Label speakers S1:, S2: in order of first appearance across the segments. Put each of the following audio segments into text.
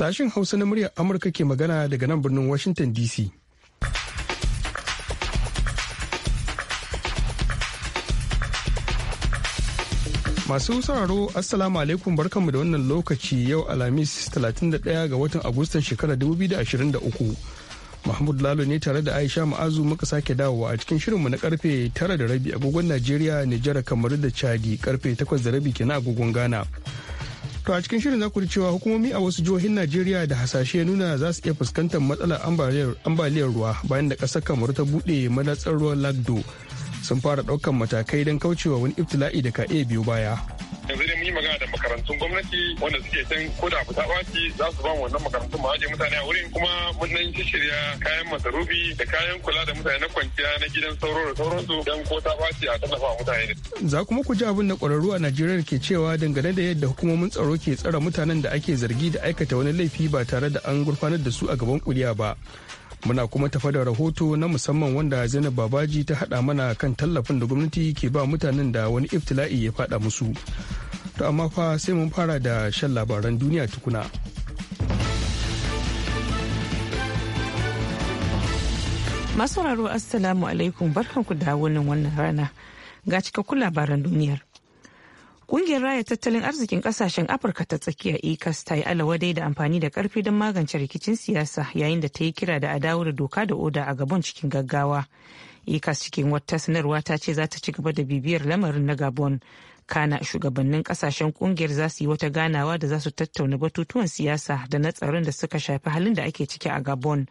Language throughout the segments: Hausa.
S1: Sashen Hausa na muryar Amurka ke magana daga nan birnin Washington DC. Masu sauraro Assalamu alaikum barkanmu da wannan lokaci yau Alhamis 31 ga watan Agustan shekarar 2023. Mahmud Lalo ne tare da Aisha Ma'azu muka sake dawowa a cikin shirinmu na karfe tara da rabi agogon Najeriya, Nijar, Kamaru da Chadi karfe takwas da rabi kenan agogon Ghana. To a cikin shirin za ku ji cewa hukumomi a wasu jihohin Najeriya da hasashe nuna za su iya fuskantar matsalar ambaliyar ruwa bayan da ƙasar Kamaru ta buɗe madatsar ruwan Lagdo sun fara ɗaukar matakai don kaucewa wani iftila'i da ka iya biyo baya.
S2: yanzu dai mun yi magana da makarantun gwamnati wanda suke can ko da fita ɓaci za su ba mu wannan makarantun mu mutane a wurin kuma mun nan shirya kayan masarufi da kayan kula da mutane na kwanciya na gidan sauro da sauransu dan ko ta ɓaci a tallafa mutane.
S1: Za kuma ku ji abin da ƙwararru a Najeriya ke cewa dangane da yadda hukumomin tsaro ke tsare mutanen da ake zargi da aikata wani laifi ba tare da an gurfanar da su a gaban kuliya ba. Muna kuma tafa da rahoto na musamman wanda Zainab Babaji ta haɗa mana kan tallafin da gwamnati ke ba mutanen da wani iftila'i ya faɗa musu. To amma fa sai mun fara da shan labaran duniya tukuna.
S3: raro Assalamu alaikum barkanku da wannan rana ga cikakkun labaran duniyar. Kungiyar raya tattalin arzikin kasashen Afirka ta tsakiya ECAS ta yi alawadai da amfani da karfi don magance rikicin siyasa yayin da ta yi kira da a dawo da doka da oda a gabon cikin gaggawa. ECAS cikin wata sanarwa ta ce za ta ci gaba da bibiyar lamarin na Gabon. Kana shugabannin kasashen kungiyar za su yi wata ganawa da za su tattauna batutuwan siyasa da na tsaron da suka shafi halin da ake ciki a Gabon.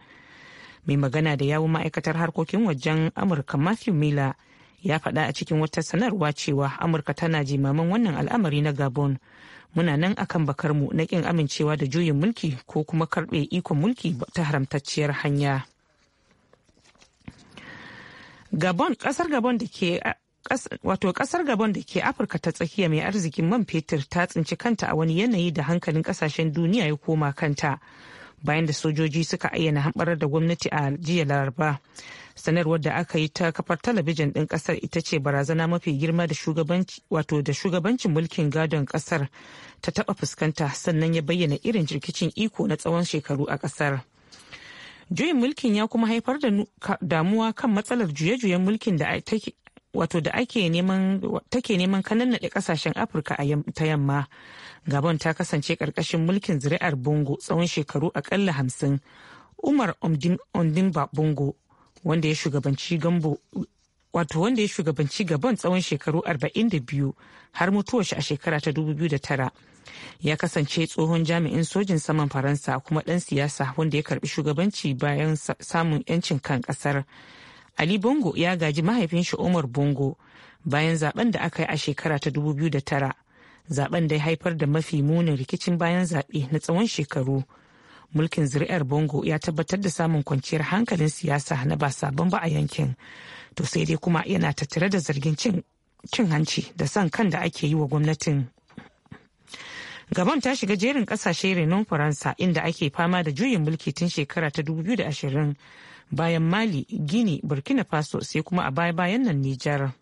S3: Mai magana da yawun ma'aikatar harkokin wajen Amurka Matthew Miller ya faɗa a cikin wata sanarwa cewa amurka tana jimamin wannan al'amari na gabon muna nan akan bakarmu na ƙin amincewa da juyin mulki ko kuma karɓe ikon mulki ta haramtacciyar hanya gabon ƙasar gabon da ke wato kasar gabon da ke afirka ta tsakiya mai arzikin man fetur ta tsinci kanta a wani yanayi da hankalin kasashen duniya ya koma kanta bayan da sojoji suka ayyana hamɓarar da gwamnati a jiya laraba sanarwar da aka yi ta kafar talabijin ɗin ƙasar ita ce barazana mafi girma da wato da shugabancin mulkin gadon ƙasar ta taɓa fuskanta sannan ya bayyana irin jirkicin iko na tsawon shekaru a ƙasar. juyin mulkin ya kuma haifar da damuwa kan matsalar juye-juyen mulkin da wato da ake neman take neman kanannade kasashen afirka a ta yamma gabon ta kasance karkashin mulkin zuri'ar bongo tsawon shekaru akalla hamsin umar ondimba bongo wanda ya shugabanci gambo wato wanda ya shugabanci gabon tsawon shekaru 42 har mutuwar shi a shekara ta da tara ya kasance tsohon jami'in sojin saman faransa kuma ɗan siyasa wanda ya karbi shugabanci bayan samun 'yancin kan ƙasar. kasar Ali Bongo ya gaji mahaifin shi Umar Bongo bayan zaben da aka yi a shekara ta 2009. Zaben da ya haifar da mafi munin rikicin bayan zaɓe na tsawon shekaru. Mulkin zuri'ar Bongo ya tabbatar da samun kwanciyar hankalin siyasa na ba sabon ba a yankin. To sai dai kuma yana tattare da zargin cin hanci da son kan da ake yi wa gwamnatin. Gabon ta shiga jerin kasashe renon Faransa inda ake fama da juyin mulki tun shekara ta 2020. bayan mali gini burkina faso sai kuma a baya bayan nan nijar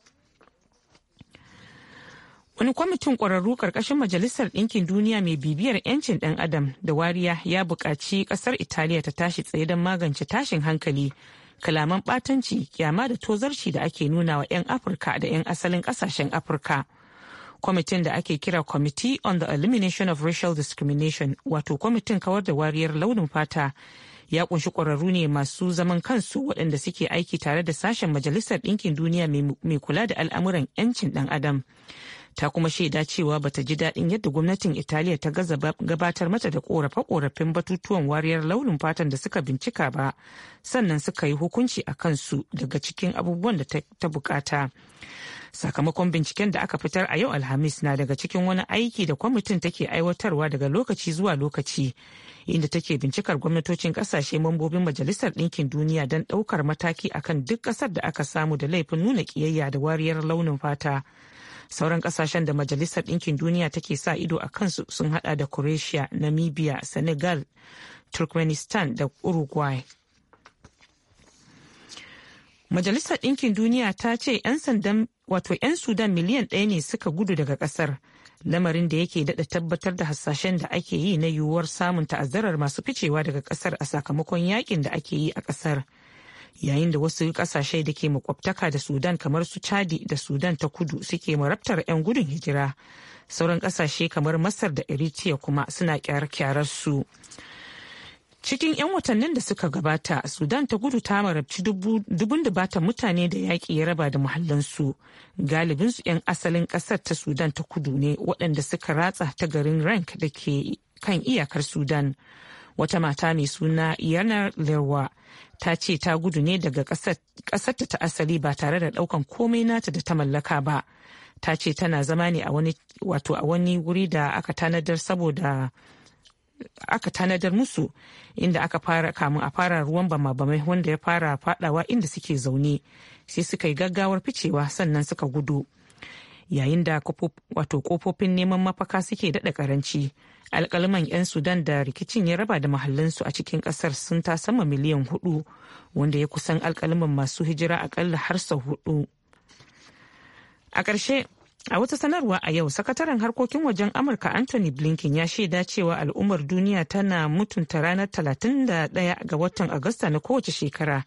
S3: wani kwamitin ƙwararru ƙarƙashin majalisar ɗinkin duniya mai bibiyar 'yancin ɗan adam da wariya ya buƙaci ƙasar italiya ta tashi tsaye don magance tashin hankali kalaman ɓatanci kyama da tozarci da ake nuna wa 'yan afirka da 'yan asalin ƙasashen afirka kwamitin da ake kira committee on the elimination of racial discrimination wato kwamitin kawar da wariyar launin fata ya kunshi ƙwararru ne masu zaman kansu waɗanda suke aiki tare da sashen majalisar ɗinkin duniya mai kula da al'amuran 'yancin ɗan adam ta kuma shaida cewa bata ji daɗin yadda gwamnatin italiya ta gaza gabatar mata da korafe-korafen batutuwan wariyar launin fatan da suka bincika ba sannan suka yi hukunci a kansu daga cikin abubuwan da ta bukata. sakamakon binciken da aka fitar a yau alhamis na daga cikin wani aiki da kwamitin take aiwatarwa daga lokaci zuwa lokaci inda take bincikar gwamnatocin kasashe mambobin majalisar ɗinkin duniya don ɗaukar mataki akan duk ƙasar da aka samu da laifin nuna ƙiyayya da wariyar launin fata sauran kasashen da majalisar ɗinkin duniya take sa ido a kansu sun hada da croatia namibia senegal turkmenistan da uruguay Majalisar Ɗinkin Duniya ta ce 'yan sandan wato 'yan Sudan miliyan ɗaya ne suka gudu daga ƙasar. Lamarin da yake daɗa tabbatar da hasashen da ake yi na yiwuwar samun ta'azzarar masu ficewa daga ƙasar a sakamakon yakin da ake yi a ƙasar. Yayin da wasu ƙasashe da ke makwabtaka da Sudan kamar su Chadi da Sudan ta kudu suke marabtar 'yan gudun hijira. Sauran ƙasashe kamar Masar da Eritrea kuma suna kyar kyararsu su. cikin 'yan watannin da suka gabata sudan ta gudu ta marabci dubun bata mutane da yaƙi ya raba da muhallansu galibinsu 'yan asalin ƙasar ta sudan ta kudu ne waɗanda suka ratsa ta garin rank da ke kan iyakar sudan wata mata mai suna yanar lerwa ta ce ta gudu ne daga ƙasarta ta asali ba tare da ɗaukan komai nata da ta mallaka ba ta ce tana zama ne wato a wani wuri da aka tanadar saboda aka tanadar musu inda aka fara kamun a fara ruwan bama-bamai wanda ya fara fadawa inda suke zaune sai suka yi gaggawar ficewa sannan suka gudu yayin da wato kofofin neman mafaka suke daɗa karanci alkalaman 'yan sudan da rikicin ya raba da mahallinsu a cikin ƙasar sun ta sama miliyan hudu wanda ya kusan alkalaman masu hijira akalla har sau hudu a ƙarshe A wata sanarwa a yau, sakataren harkokin wajen Amurka Anthony Blinken ya shaida cewa al'ummar duniya tana mutunta ranar 31 ga watan Agusta na kowace shekara,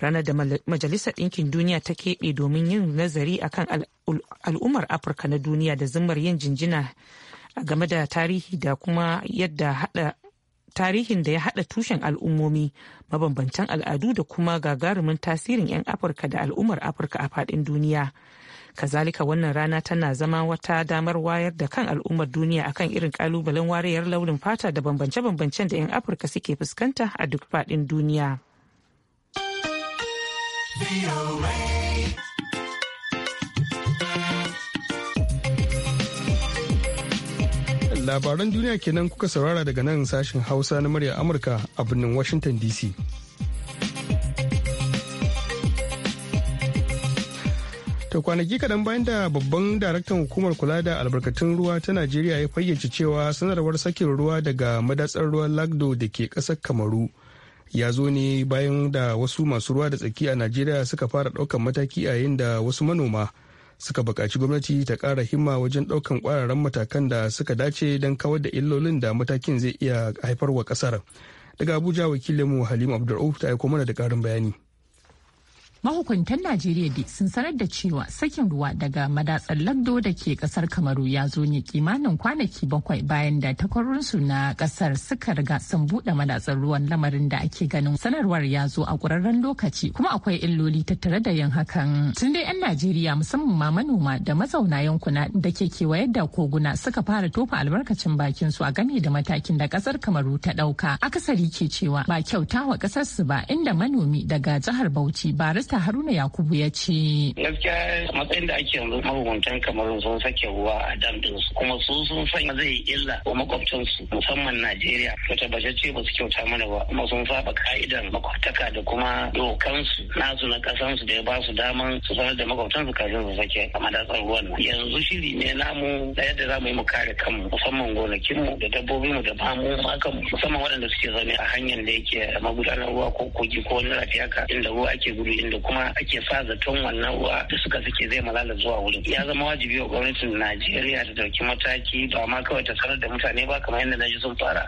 S3: ranar da Majalisar Ɗinkin Duniya ta keɓe domin yin nazari akan al'ummar Afirka na duniya da zimmar yin jinjina a game da tarihi da kuma yadda hada tarihin da ya hada tushen al'ummomi mabambantan al'adu da kuma gagarumin tasirin 'yan afirka da al'ummar afirka a fadin duniya kazalika wannan rana tana zama wata damar wayar da kan al'ummar duniya akan irin kalubalen wariyar launin fata da bambance-bambancen da 'yan afirka suke fuskanta a duk faɗin duniya.
S1: labaran duniya kenan kuka saurara daga nan sashen hausa na murya amurka a birnin washington dc Ta kwanaki kaɗan bayan da babban daraktan hukumar kula da albarkatun ruwa ta Najeriya ya fayyace cewa sanarwar sakin ruwa daga madatsar ruwan Lagdo da ke ƙasar Kamaru ya zo ne bayan da wasu masu ruwa da tsaki a Najeriya suka fara ɗaukan mataki a yayin da wasu manoma suka buƙaci gwamnati ta ƙara himma wajen ɗaukan ƙwararren matakan da suka dace don kawar da illolin da matakin zai iya haifarwa ƙasar. Daga Abuja wakilinmu Halim Abdulrauf ta aiko mana da ƙarin bayani.
S4: mahukuntan najeriya dai sun sanar da cewa sakin ruwa daga madatsar lagdo da ke kasar kamaru ya zo ne kimanin kwanaki bakwai bayan da takwarorinsu na kasar suka riga sun buɗe madatsar ruwan lamarin da ake ganin sanarwar ya zo a ƙurarren lokaci kuma akwai illoli tattare da yin hakan tun dai 'yan najeriya musamman ma manoma da mazauna yankuna da ke kewaye da koguna suka fara tofa albarkacin bakin su a game da matakin da kasar kamaru ta ɗauka akasari ke cewa ba kyautawa kasar su ba inda manomi daga jihar bauchi baris Minista haruna yakubu ya ce
S5: gaskiya matsayin da ake yanzu mahukuntan kamar sun sake ruwa a dam su kuma su sun san zai illa wa makwabtansu musamman najeriya to tabbatacce ba su kyauta mana ba kuma sun saba ka'idan makwabtaka da kuma dokansu nasu na su da ya ba su daman su sanar da makwabtansu kafin su sake a madatsar ruwan yanzu shiri ne namu da yadda za mu yi mu kare kanmu musamman gonakinmu da dabbobinmu da bamu makanmu musamman waɗanda suke zaune a hanyar da yake magudanar ruwa ko kogi ko wani rafi haka inda ruwa ake gudu inda kuma ake sa zaton wannan uwa. da suka sake zai malala zuwa wurin ya zama wajibi wa gwamnatin najeriya ta dauki mataki ba ma kawai ta sanar da mutane ba kamar yadda naji sun fara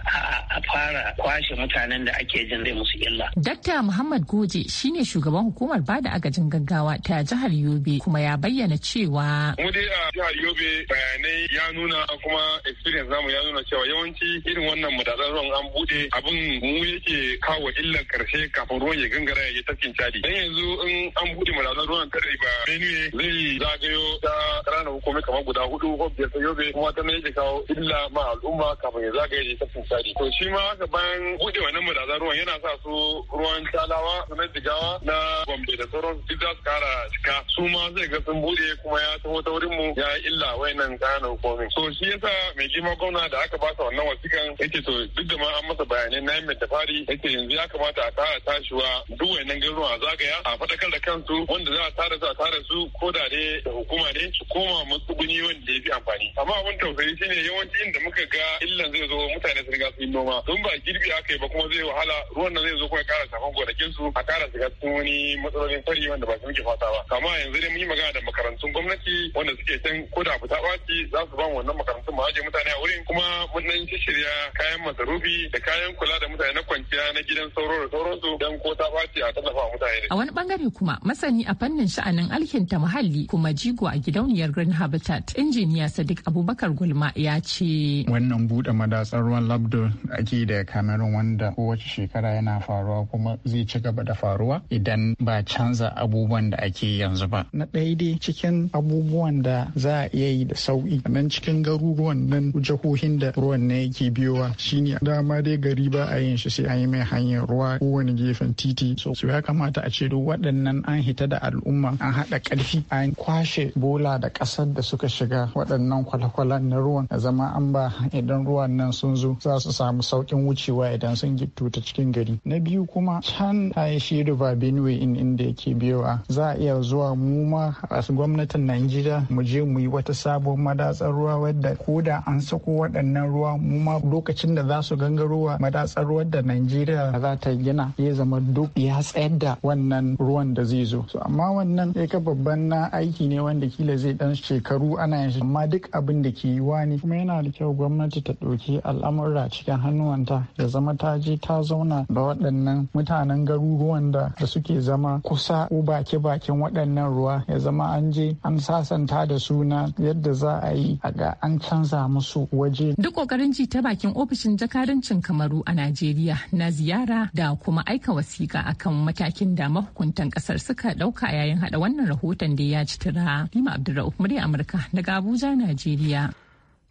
S5: a fara kwashe mutanen da ake jin zai musu illa
S4: dakta muhammad goje shine shugaban hukumar bada agajin gaggawa ta jihar yobe kuma ya bayyana cewa mu
S2: dai a jihar yobe bayanai ya nuna kuma experience namu ya nuna cewa yawanci irin wannan madatsar ruwan an bude abin mu yake kawo illar karshe kafin ruwan ya gangara ya tafkin cadi dan yanzu in an bude marazan ruwan kare ba ne zai zagayo ta ƙananan hukumi kamar guda hudu ko biyar ta yobe kuma ta mai kawo illa ma al'umma kafin ya zagaye ta tsari to shi ma haka bayan bude wannan marazan ruwan yana sa su ruwan talawa na jigawa na gombe da sauran su za su kara cika su ma zai ga sun bude kuma ya taho ta wurin mu ya illa wayannan ƙananan hukumi so shi yasa mai girma gwamna da aka basa wannan wasikan yake to duk da ma an masa bayanai na yin mai tafari yake yanzu ya kamata a kara tashiwa duk wayannan garuruwa zagaya a faɗa sadakar da kansu wanda za a tara su a tara su ko da ne hukuma ne su koma matsuguni wanda ya fi amfani amma abin tausayi shine yawanci inda muka ga illan zai zo mutane sun riga sun noma don ba girbi aka yi ba kuma zai wahala ruwan nan zai zo kuma kara shafan gonakin su a kara shiga cikin wani matsalolin fari wanda ba su muke fata ba kama yanzu dai mun yi magana da makarantun gwamnati wanda suke can ko da fita ɓaci za su ba mu wannan makarantun mu mutane a wurin kuma mun nan shirya kayan masarufi da kayan kula da mutane na kwanciya na gidan sauro da sauransu don ko ta ɓaci a tallafa
S6: mutane.
S4: A wani bangare ne kuma masani a fannin sha'anin alkinta muhalli kuma jigo a gidauniyar Green Habitat injiniya Sadiq Abubakar Gulma ya ce.
S6: Wannan buɗe madatsar ruwan labdo ake da kamerun wanda kowace shekara yana faruwa kuma zai ci gaba da faruwa idan ba canza abubuwan da ake yanzu ba. Na ɗaya dai cikin abubuwan da za a iya yi da sauƙi nan cikin garuruwan nan jihohin da ruwan ne yake biyowa shine dama dai gari ba a yin shi sai an yi mai hanyar ruwa kowane gefen titi. So ya kamata a ce duk waɗanda ɗin nan an hita da al'umma an haɗa ƙarfi an kwashe bola da ƙasar da suka shiga waɗannan kwalakwalan na ruwan a zama an ba idan ruwan nan sun zo za su samu sauƙin wucewa idan sun gittu ta cikin gari na biyu kuma can ta shi river benue in inda yake biyowa za a iya zuwa mu ma a gwamnatin najeriya mu je mu yi wata sabon madatsar ruwa wadda ko da an sako waɗannan ruwa mu ma lokacin da za su gangarowa madatsar ruwa da najeriya za ta gina ya zama duk ya tsayar da wannan ruwan wanda zai zo so amma wannan ya ka babban na aiki ne wanda kila zai dan shekaru ana yin amma duk abin da ke yiwa ne kuma yana da kyau gwamnati ta ɗauki al'amura cikin hannuwanta ya zama ta je ta zauna da waɗannan mutanen garuruwan da suke zama kusa ko baki bakin waɗannan ruwa ya zama an je an sasanta da suna yadda za a yi a ga an canza musu waje
S4: duk kokarin ji ta bakin ofishin jakarancin kamaru a najeriya na ziyara da kuma aika wasiƙa akan matakin da mahukunta ministan kasar suka dauka yayin hada wannan rahoton da ya ci tura lima abdulrauf murya amurka daga abuja najeriya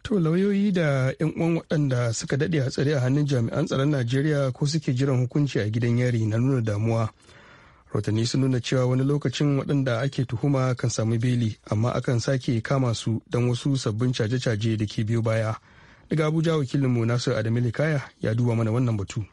S1: to lauyoyi da yan uwan waɗanda suka daɗe a tsare a hannun jami'an tsaron najeriya ko suke jiran hukunci a gidan yari na nuna damuwa rahotanni sun nuna cewa wani lokacin waɗanda ake tuhuma kan samu beli amma akan sake kama su don wasu sabbin caje-caje da ke biyo baya daga abuja wakilinmu nasiru adamu kaya ya duba mana wannan batu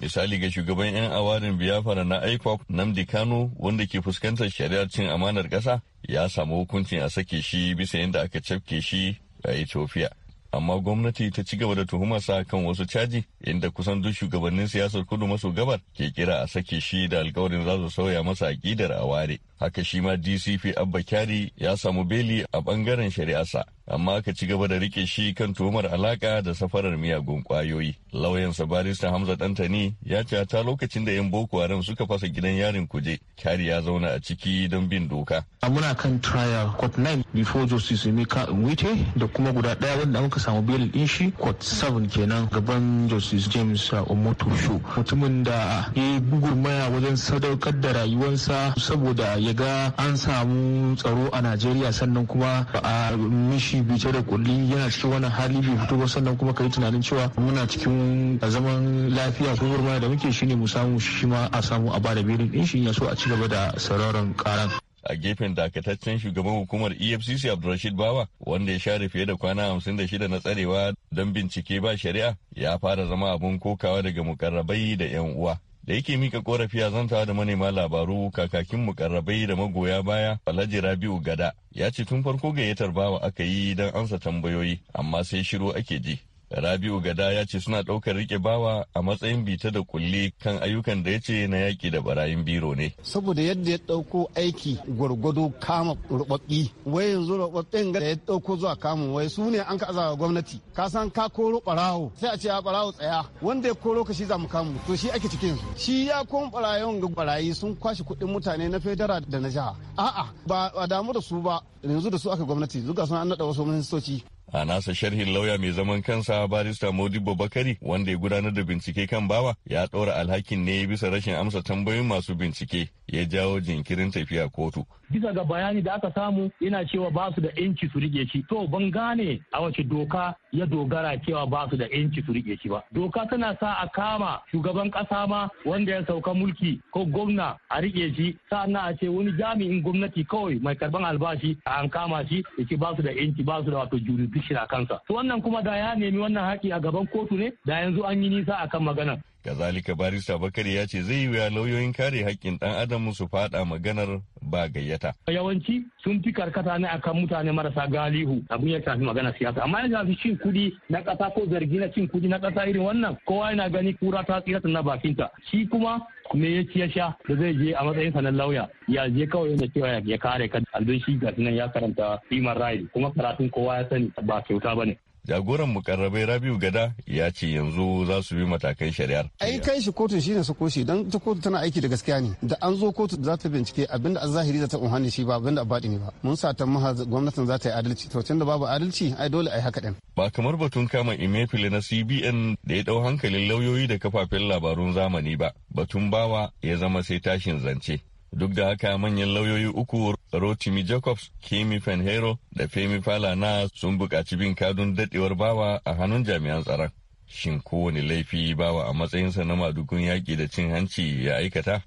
S7: misali ga shugaban 'yan awarin biyafara na IPOP Namdi Kano wanda ke fuskantar shari'ar cin amanar ƙasa ya samu hukuncin a sake shi bisa yadda aka cafke shi a Ethiopia. Amma gwamnati ta ci gaba da tuhumarsa kan wasu caji inda kusan duk shugabannin siyasar kudu maso gabar ke kira a sake shi da alkawarin za su sauya masa aƙidar a ware. Haka shi ma DCP Abba Kyari ya samu beli a ɓangaren shari'arsa amma aka ci gaba da rike shi kan tuhumar alaka da safarar miyagun kwayoyi. Lauyansa barista Hamza Dantani ya ce ta lokacin da 'yan Boko Haram suka fasa gidan yarin kuje, kyari ya zauna a ciki don bin doka.
S5: a Muna kan trial court 9 before justice Emeka Nwite da kuma guda daya wanda muka samu bail din shi court 7 kenan gaban justice James Omotosho. Mutumin da ya yi gugurmaya wajen sadaukar da rayuwarsa saboda ya ga an samu tsaro a Najeriya sannan kuma a mishi shi bice da kulli yana cikin wani hali bai fito ba sannan kuma kai tunanin cewa muna cikin zaman lafiya ko gurma da muke shine mu samu shi ma a samu a bada birin din shi ya so a ci gaba da
S7: sauraron karan a gefen dakataccen shugaban hukumar efcc abdulrashid bawa wanda ya share fiye da kwana hamsin da shida na tsarewa don bincike ba shari'a ya fara zama abun kokawa daga mukarrabai da 'yan uwa da yake mika korafi a zanta da manema labaru kakakin mu mukarrabai da magoya baya alhaji rabiu gada ya ce tun farko gayyatar bawa aka yi don amsa tambayoyi amma sai shiru ake ji Rabiu Gada ya ce suna ɗaukar rike bawa a matsayin bita da kulle kan ayyukan da ya ce na yaki da barayin biro ne.
S8: Saboda yadda ya ɗauko aiki gwargwado kama rubabbi wai yanzu rubabbin da ya ɗauko zuwa kamun wai su ne an ka azawa gwamnati. Ka san ka koro barawo sai a ce ya barawo tsaya wanda ya koro ka shi za mu kamu to shi ake cikin su. Shi ya koma barayon ga Barayi sun kwashe kuɗin mutane na federa da na jiha. A'a ba a damu da su ba yanzu da su aka gwamnati zuga sun an naɗa wasu ministoci
S7: A nasa sharhin lauya mai zaman kansa barista Modibo Bakari wanda ya gudanar da bincike kan bawa ya ɗora alhakin ne bisa rashin amsa tambayoyin masu bincike ya jawo jinkirin tafiya kotu.
S5: Bisa ga bayani da aka samu yana cewa ba su da yanci su rike shi. To ban gane a wace doka ya dogara cewa ba su da yanci su rike shi ba. Doka tana sa a kama shugaban kasa ma wanda ya sauka mulki ko gwamna a rike shi sa'annan a ce wani jami'in gwamnati kawai mai karban albashi a an kama shi ya ce ba su da yanci ba su da wato jurisdiction a kansa. To wannan kuma da ya nemi wannan haƙi a gaban kotu ne da yanzu an yi nisa akan magana.
S7: Kazalika barista Bakari ya ce zai yi wuya lauyoyin kare haƙƙin ɗan adam su faɗa maganar ba gayyata.
S5: Yawanci sun fi karkata ne akan mutane marasa galihu abin ya shafi magana siyasa amma ya shafi cin kuɗi na ƙasa ko zargi na cin kuɗi na ƙasa irin wannan kowa yana gani kura ta tsira na bakinta shi kuma me ya ci ya sha da zai je a matsayin sa na lauya ya je kawai yana cewa ya kare kan aldon shi ga nan ya karanta human
S7: rights kuma karatun kowa ya sani ba kyauta ba ne. jagoran mukarrabai rabiu gada ya ce yanzu za su bi matakan shari'ar
S8: ai kai shi kotu shine su koshi don ta kotu tana aiki da gaskiya ne da an zo kotu za ta bincike abinda a zahiri za ta unhani shi ba abinda a baɗi ne ba mun sa ta maha gwamnatin za ta yi adalci to tunda babu adalci ai dole a yi haka ɗin.
S7: ba kamar batun kama emefile na cbn da ya ɗau hankalin lauyoyi da kafafen labarun zamani ba batun bawa ya zama sai tashin zance Duk da haka manyan lauyoyi uku Rotimi Jacobs, Kimi Fenhero da Femi Falana sun buƙaci bin kadun daɗewar bawa a hannun jami'an tsaron. Shin kowane laifi bawa a matsayinsa na madugun yaƙi da cin hanci ya aikata?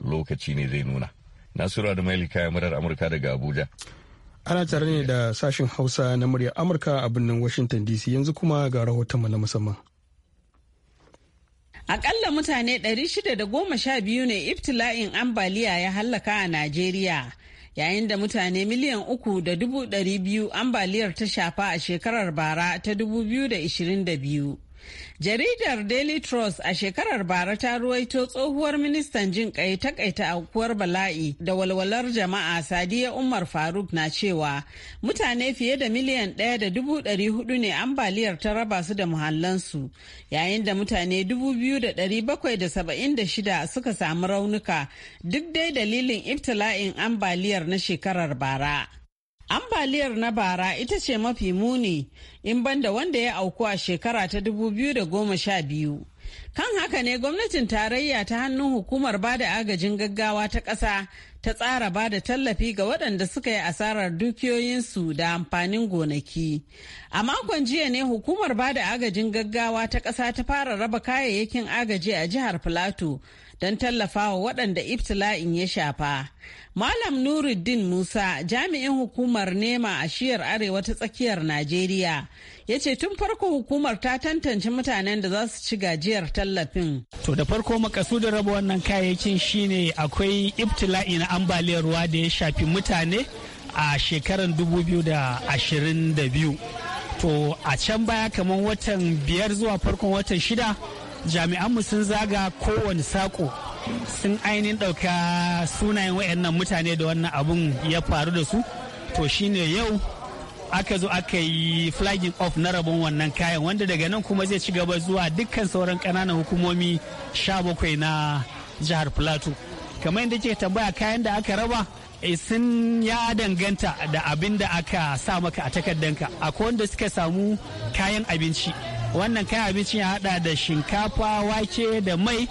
S7: Lokaci ne zai nuna. Nasiru da Maili kayan murar Amurka daga Abuja.
S1: Ana tare ne da sashen Hausa na murya Amurka a birnin Washington DC yanzu kuma ga rahoton na musamman.
S9: Akalla mutane 612 ne ibtila'in ambaliya ya hallaka a Najeriya, yayin da mutane miliyan uku da dubu ɗari biyu ambaliyar ta shafa a shekarar bara ta 2022. Jaridar Daily Trust a shekarar bara ta ruwaito tsohuwar ministan jin kai takaita aukuwar bala'i da walwalar jama'a Sadiya Umar Faruk na cewa mutane fiye da miliyan ɗaya da dubu ɗari hudu ne ambaliyar ta raba su da muhallansu yayin da mutane dubu biyu da ɗari bakwai da saba'in da shida suka samu raunuka duk dai dalilin ibtila'in ambaliyar na shekarar bara. Ambaliyar na bara ita ce mafi muni in banda wanda ya auku a shekara ta 2012. Kan haka ne gwamnatin tarayya ta hannun hukumar bada agajin gaggawa ta ƙasa ta tsara ba da tallafi ga waɗanda suka yi asarar dukiyoyinsu da amfanin gonaki. A makon jiya ne hukumar ba da agajin gaggawa ta ƙasa ta fara raba kayayyakin agaji a jihar Filato don tallafawa waɗanda ibtila'in ya shafa. Malam Nuruddin Musa jami'in hukumar nema a shiyar arewa ta tsakiyar Najeriya ya ce tun farko hukumar ta tantance mutanen da za su ci gajiyar tallafin.
S10: To da farko makasudin raba wannan kayayyakin shine akwai iftila'i na ambaliyar ruwa da ya shafi mutane a shekarar 2022. To a can baya kamar watan biyar zuwa farkon watan shida jami'anmu sun zaga kowane sako sun ainihin ɗauka sunayen waɗannan mutane da wannan abun ya faru da su. To shine yau aka zo aka yi flagging off na rabon wannan kayan wanda daga nan kuma zai ci gaba zuwa dukkan sauran kananan hukumomi sha bakwai na jihar plateau kamar yadda ke tambaya kayan da aka raba eh, sun ya danganta da abin da aka sa maka a takardanka akwai wanda suka samu kayan abinci wannan kayan abinci ya hada da shinkafa wake da mai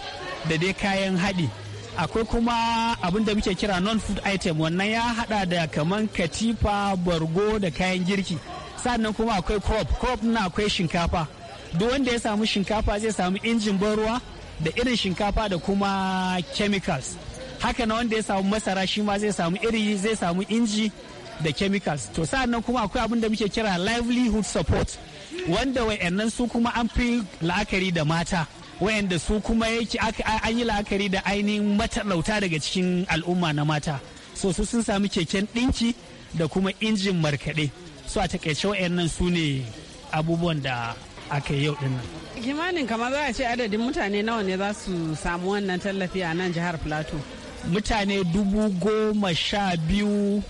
S10: da dai kayan haɗi akwai kuma abin da muke kira non food item wannan ya hada da kaman katifa bargo da kayan girki sannan kuma akwai crop crop na akwai shinkafa duk wanda ya samu shinkafa zai samu injin ban ruwa da irin shinkafa da kuma chemicals haka na wanda ya samu masara shi ma zai samu iri zai samu inji da chemicals to sannan kuma akwai abin da muke kira livelihood support wanda wa'annan su kuma an fi la'akari da mata wayanda su kuma yake an yi la'akari da ainihin matalauta daga cikin al'umma na mata so su sun sami keken ɗinki da kuma injin markaɗe su a takaice wayannan su ne abubuwan da aka yi yau din nan
S9: kimanin kamar za a ce adadin mutane nawa ne za su samu wannan tallafi a nan jihar plateau
S10: mutane dubu goma sha biyu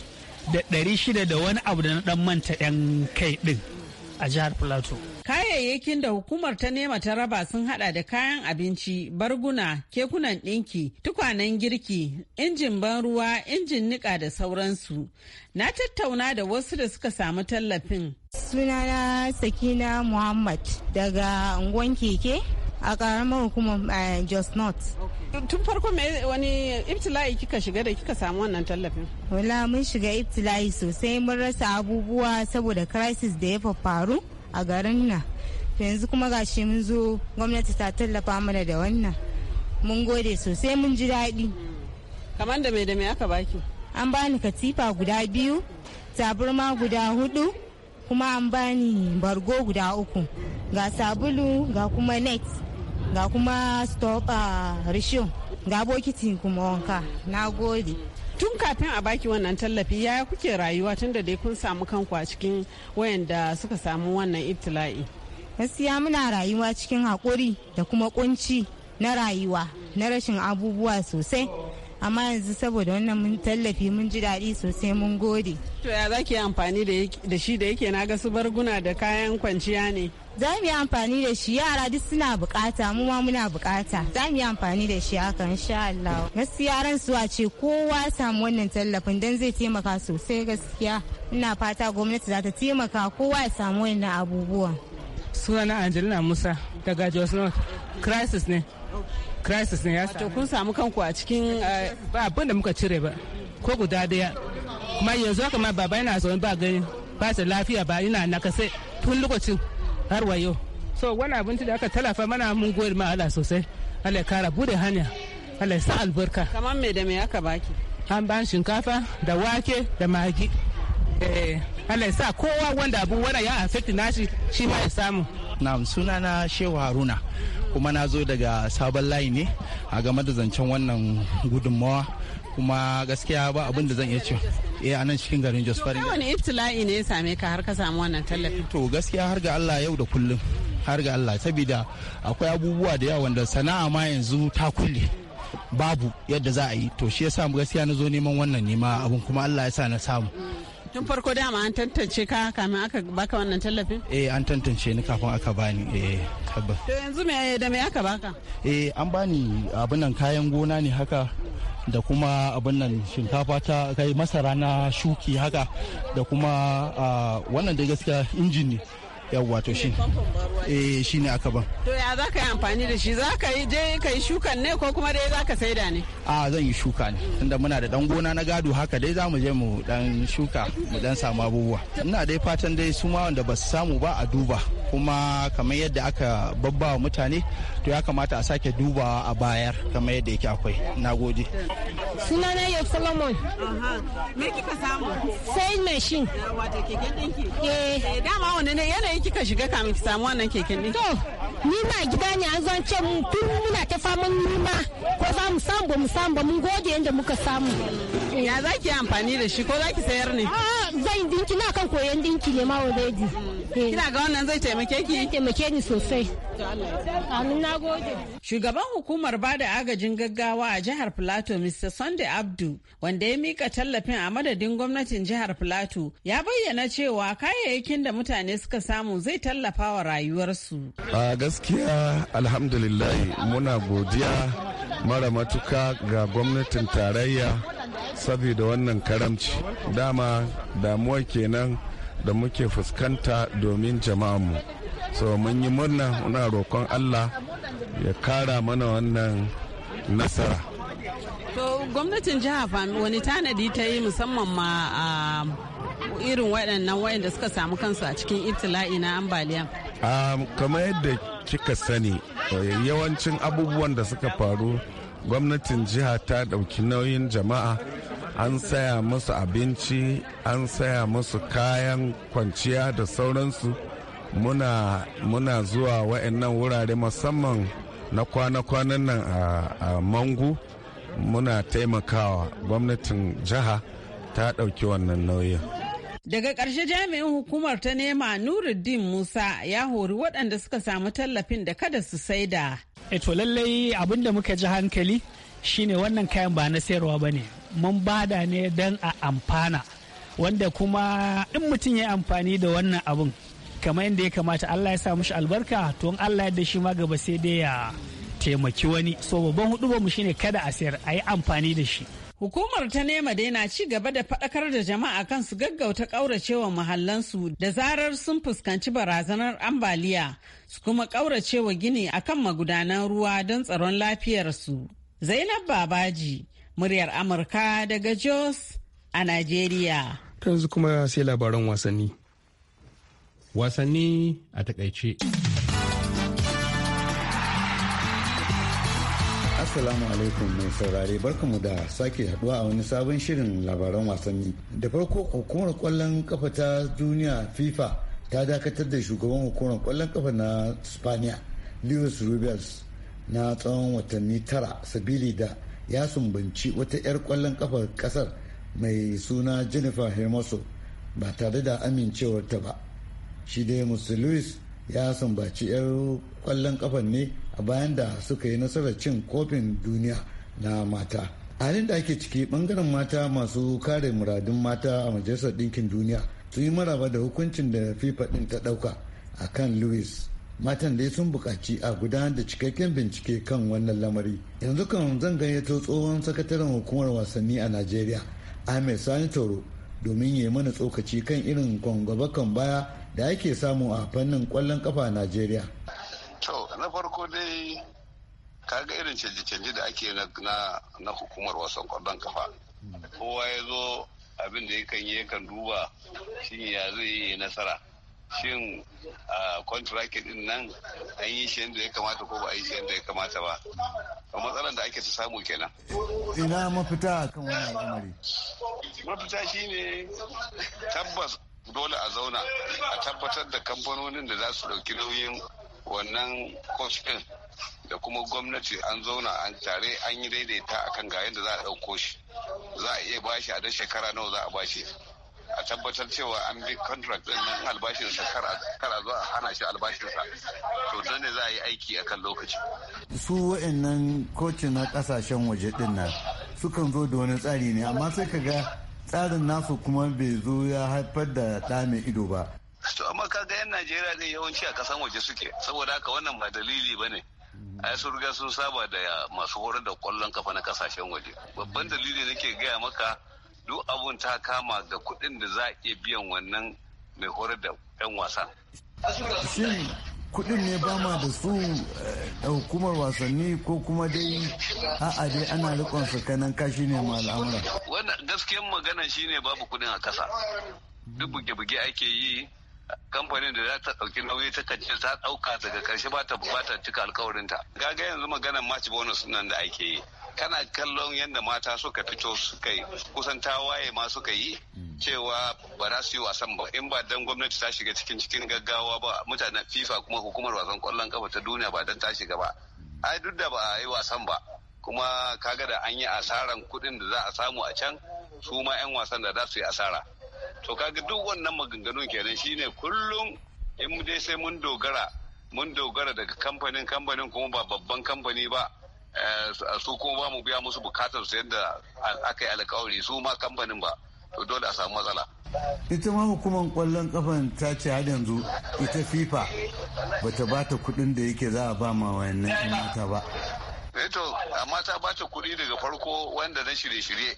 S10: da ɗari shida da wani abu da na ɗan manta ɗan kai ɗin a jihar plateau
S9: Kayayyakin da hukumar ta nema ta raba sun hada da kayan abinci, barguna, kekunan ɗinki, tukwanen girki, injin ban ruwa, injin niƙa da sauransu. Na tattauna da wasu da suka samu tallafin.
S11: Sunana Sakina Muhammad daga unguwan keke a karamar hukumar eh, Jos North. Tun farko mai wani ibtila'i kika shiga da kika samu wannan tallafin? Wala mun shiga ibtila'i sosai mun rasa abubuwa saboda crisis da ya faru. a garin nan yanzu kuma gashi mun zo gwamnati ta tallafa mana da wannan mun gode sosai mun ji daɗi
S9: kamar da mai da mai aka baki
S11: an bani katifa guda biyu taburma guda hudu kuma an bani bargo guda uku ga sabulu ga kuma net ga kuma stop a ah, rishon ga bokiti kuma wanka
S9: na gode tun kafin a baki wannan tallafi yaya kuke rayuwa tunda dai kun samu kanku a cikin wayanda suka samu wannan ibtila'i gaskiya muna rayuwa cikin
S11: haƙuri da kuma ƙunci na rayuwa na rashin abubuwa sosai amma yanzu saboda wannan mun tallafi mun ji daɗi sosai mun gode.
S9: To ya zaki yi amfani da shi da yake na ga su barguna da kayan kwanciya ne? Za mu yi amfani da shi yara duk
S11: suna bukata mu ma muna bukata. Za mu yi amfani da shi haka insha Allah. Gaskiya ran su a ce kowa samu wannan tallafin dan zai taimaka sosai gaskiya. Ina fata gwamnati za ta taimaka kowa ya samu wannan abubuwan.
S3: sunana angelina musa daga
S9: jos north crisis ne crisis ne ya sami kun samu kanku a cikin eh, eh, ba abin da muka cire ba ko guda daya kuma yanzu haka ma baba yana zaune ba gani ba ta lafiya ba yana nakase tun lokacin har wayo so wani abin da aka talafa mana mun goyi ma ala sosai Allah kara bude hanya ala sa albarka kamar me da me aka baki
S12: an ban shinkafa da wake da magi eh Allah sa kowa wanda abu wani ya affecti nashi shi ma ya samu suna na Shehu Haruna kuma na zo daga sabon layi ne a game da zancen wannan gudunmawa kuma gaskiya ba abin da zan iya ce eh anan cikin garin Jos Farin.
S9: Wani iftila'i ne ya same ka har ka samu wannan tallafi?
S12: Eh, to gaskiya har ga Allah yau da kullum har ga Allah saboda akwai abubuwa da yawa wanda sana'a ma yanzu ta kulle babu yadda za a yi to shi yasa gaskiya na zo neman wannan nema abin kuma Allah ya sa na samu.
S9: tun farko dama an tantance ka kamin aka baka wannan tallafin
S12: eh an tantance ni kafin aka bani eh tabbas to
S9: yanzu me da me aka baka
S12: eh an bani abin nan kayan gona ne haka da kuma abin nan shinkafa ta kai masara na shuki haka da kuma ah, wannan da gaskiya injin ne yawwa to shi eh shi ne aka ban
S9: to ya za ka yi amfani da shi za ka yi je ka yi shukan ne ko kuma dai za ka saida ne
S12: a zan yi shuka ne tunda muna da dan gona na gado haka dai za mu je mu dan shuka mu dan samu abubuwa ina dai fatan dai su ma wanda ba su samu ba a duba kuma kamar yadda aka babba wa mutane to ya kamata a sake duba a bayar kamar yadda yake akwai nagode
S9: sunana yau solomon me kika samu sai machine wato keken dinki eh. eh dama wannan kika shiga kamin ki samu wannan keken ne? To, ni gida ne an zan ce tun muna ta faman nima ko za mu samu ba mu samu ba mun gode yadda muka samu. Ya za ki amfani da shi ko za ki sayar ne? A'a zan dinki na kan koyon dinki ne ma already. Eh. Kina ga wannan zai taimake ki? Taimake ni sosai. Shugaban hukumar bada agajin gaggawa a jihar Filato Mr. Sunday Abdu wanda ya mika tallafin a madadin gwamnatin jihar Filato ya bayyana cewa kayayyakin da mutane suka samu zai tallafa wa rayuwarsu.
S2: A gaskiya alhamdulillah muna godiya mara matuka ga gwamnatin tarayya saboda wannan karamci dama damuwa kenan da muke fuskanta domin jama'anmu so mun yi murna muna roƙon allah ya kara mana wannan nasara
S9: to gwamnatin jiha wani tanadi ta yi musamman ma a irin waɗannan da suka samu kansu a cikin itila'i na ambaliya
S2: kamar yadda kika sani yawancin abubuwan da suka faru gwamnatin jiha ta ɗauki nauyin jama'a an saya musu abinci an saya musu kayan kwanciya da sauransu muna, muna zuwa wa'annan wurare musamman na kwana-kwanan nan a, a mangu muna taimakawa gwamnatin jiha ta ɗauki wannan nauyin
S9: Daga ƙarshe jami'in hukumar ta nema Nuruddin Musa ya hori waɗanda suka samu tallafin da kada su saida.
S10: E lallai abinda muka ji hankali shine wannan kayan ba na sayarwa ba ne mun bada ne don a amfana wanda kuma in mutum ya amfani da wannan abun kamar yadda ya kamata Allah ya sa mushi albarka to in Allah ya da shi ma gaba sai dai ya taimaki wani so babban hudu mu shine kada a sayar a yi amfani da shi
S9: Hukumar ta nema dai na ci gaba da faɗakar da jama'a kan su gaggauta ƙauracewa mahallansu da zarar sun fuskanci barazanar ambaliya su kuma ƙauracewa gini akan magudanan ruwa don tsaron lafiyarsu. Zainab Babaji, muryar Amurka daga Jos a Najeriya.
S1: yanzu kuma sai labaran wasanni. Wasanni a takaice.
S13: Assalamu alaikum mai saurare barkamu da sake haduwa a wani sabon shirin labaran wasanni. Da farko hukumar kwallon kafa ta duniya FIFA ta dakatar da shugaban hukumar kwallon kafa na Spaniya, Luis Rubens na tsawon watanni tara sabili da ya sumbanci wata 'yar kwallon kafar kasar mai suna jennifer hermoso ba tare da amincewarta ba shi dai musu louis ya sumbaci 'yar kwallon kafar ne a bayan da suka yi nasarar cin kofin duniya na mata halin da ake ciki bangaren mata masu kare muradun mata a majalisar ɗinkin duniya sun yi maraba da hukuncin da fifa ɗin ta ɗauka a kan louis matan dai sun bukaci a gudanar da cikakken bincike kan wannan lamari yanzu kan zan gayyato tsohon sakataren hukumar wasanni a najeriya ahmed sani toro domin ya yi mana tsokaci kan irin kwangwaba kan baya da ake samu a fannin kwallon kafa a najeriya
S8: to na farko dai kaga irin canje-canje da ake na hukumar wasan kwallon kafa kowa ya zo abin da yakan yi kan duba shi ya zai yi nasara shin contract din nan an yi shi yadda ya kamata ko ba a yi shi yadda ya kamata ba a matsalar da ake ta samu kenan ina mafita kan wannan al'amari mafita shine tabbas dole a zauna a tabbatar da kamfanonin da za su ɗauki nauyin wannan coach da kuma gwamnati an zauna an tare an yi daidaita akan ga yadda za a ɗauko shi za a iya bashi a dan shekara nawa za a bashi a tabbatar cewa an bi contract din nan sa kar a zo a hana shi sa to don ne za a yi aiki akan
S13: lokaci su wa'annan koci na kasashen waje din nan sukan zo da wani tsari ne amma sai ka ga tsarin nasu kuma bai zo ya haifar da ɗa mai ido ba
S8: to amma kaga yan najeriya din yawanci a kasan waje suke saboda haka wannan ba dalili ba ne ai sun riga sun saba da masu horar da kwallon kafa na kasashen waje babban dalili nake gaya maka duk abun ta kama ga kuɗin da za a iya biyan wannan mai horar da 'yan wasan.
S13: Shin kuɗin ne ba ma da su eh, da hukumar wasanni ko kuma dai a'a dai ana rikon su kanan kashi ne ma al'amura. Wannan gaskiyan magana
S8: shine babu kuɗin a kasa. Duk buge-buge ake yi kamfanin da za ta ɗauki nauyi ta kace ta ɗauka daga karshe ba ta bukata cika alkawarinta. Gaga yanzu maganar match bonus nan da ake yi. kana kallon yadda mata suka fito suka yi kusan tawaye ma suka yi hmm. cewa ba za su yi wasan ba in ba dan gwamnati ta shiga cikin cikin gaggawa ba mutanen fifa kuma hukumar wasan kwallon kafa ta duniya ba dan ta shiga ba hmm. ai duk da ba a yi wasan ba kuma kaga da an yi asaran kuɗin da za a samu a can su ma 'yan wasan da za su yi asara to kaga duk wannan maganganun kenan shine kullum in mu dai sai mun dogara mun dogara daga kamfanin kamfanin kuma ba babban kamfani ba Eh, su kuma ba mu biya musu bukatar su yadda aka yi alkawari su ma kamfanin ba to dole a samu matsala
S13: ita ma hukumar kwallon kafan ta ce har yanzu ita fifa bata ta kudin da yake za a ba ma wayannan mata ba
S8: eh to amma ta bata kuɗi daga farko
S13: wanda na shirye-shirye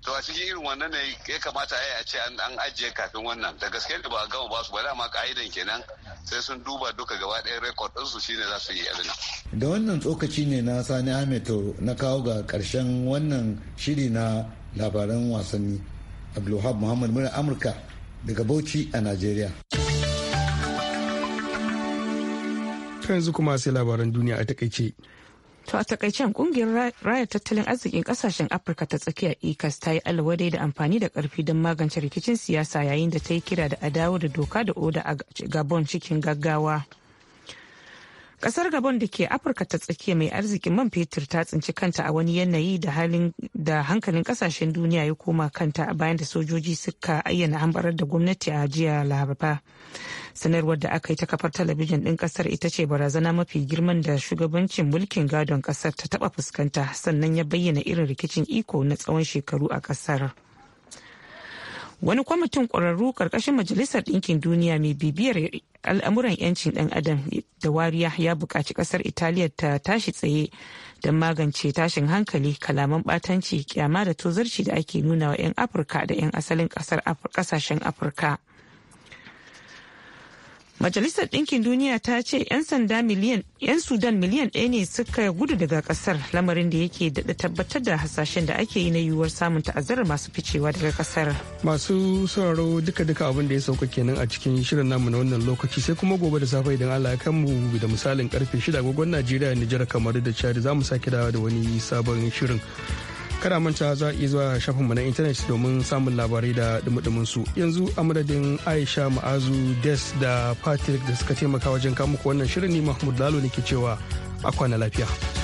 S8: to a cikin irin wannan ne ya kamata a ce an ajiye kafin wannan da gaske da ba a gama ba su ba dama ka'idan kenan sai sun duba duka gaba ɗaya rekod ɗinsu shine za su yi abin
S13: da wannan tsokaci ne na sani ahmed na kawo ga karshen wannan shiri na labaran wasanni abdulhab muhammad mura amurka daga bauchi a najeriya yanzu kuma sai labaran
S1: duniya a takaice To a takaicen kungiyar raya tattalin arzikin kasashen Afirka ta
S3: tsakiya ECAS ta yi alwadai da amfani da karfi don magance rikicin siyasa yayin da ta yi kira da a da doka da oda a Gabon cikin gaggawa. Kasar Gabon da ke Afirka ta tsakiya mai arzikin man fetur ta tsinci kanta a wani yanayi da halin da hankalin kasashen duniya ya koma kanta a bayan da sojoji suka ayyana hambarar da gwamnati a jiya laraba. sanarwar da aka yi ta kafar talabijin ɗin ƙasar ita ce barazana mafi girman da shugabancin mulkin gadon ƙasar ta taɓa fuskanta sannan ya bayyana irin rikicin iko na tsawon shekaru a ƙasar. wani kwamitin ƙwararru ƙarƙashin majalisar ɗinkin duniya mai bibiyar al'amuran 'yancin ɗan adam da wariya ya buƙaci ƙasar italiya ta tashi tsaye don magance tashin hankali kalaman ɓatanci kyama da tozarci da ake nuna wa 'yan afirka da 'yan asalin ƙasashen afirka Majalisar dinkin Duniya ta ce 'yan sanda miliyan 'yan Sudan miliyan ɗaya ne suka gudu daga kasar lamarin da yake daɗa tabbatar da hasashen da ake yi na yiwuwar samun ta'azzarar masu ficewa daga kasar.
S1: Masu sauraro duka-duka abin da ya sauka kenan a cikin shirin namu na wannan lokaci sai kuma gobe da safe idan Allah ya kan mu da misalin karfe shida agogon Najeriya Nijar kamar da Chad za mu sake dawa da wani sabon shirin. kada manta za a zuwa shafin na intanet domin samun labarai da dumudumin su yanzu a madadin aisha ma'azu des da patrick da suka taimaka wajen kamuku wannan shirin ne mahmud lalo ne ke cewa a kwana lafiya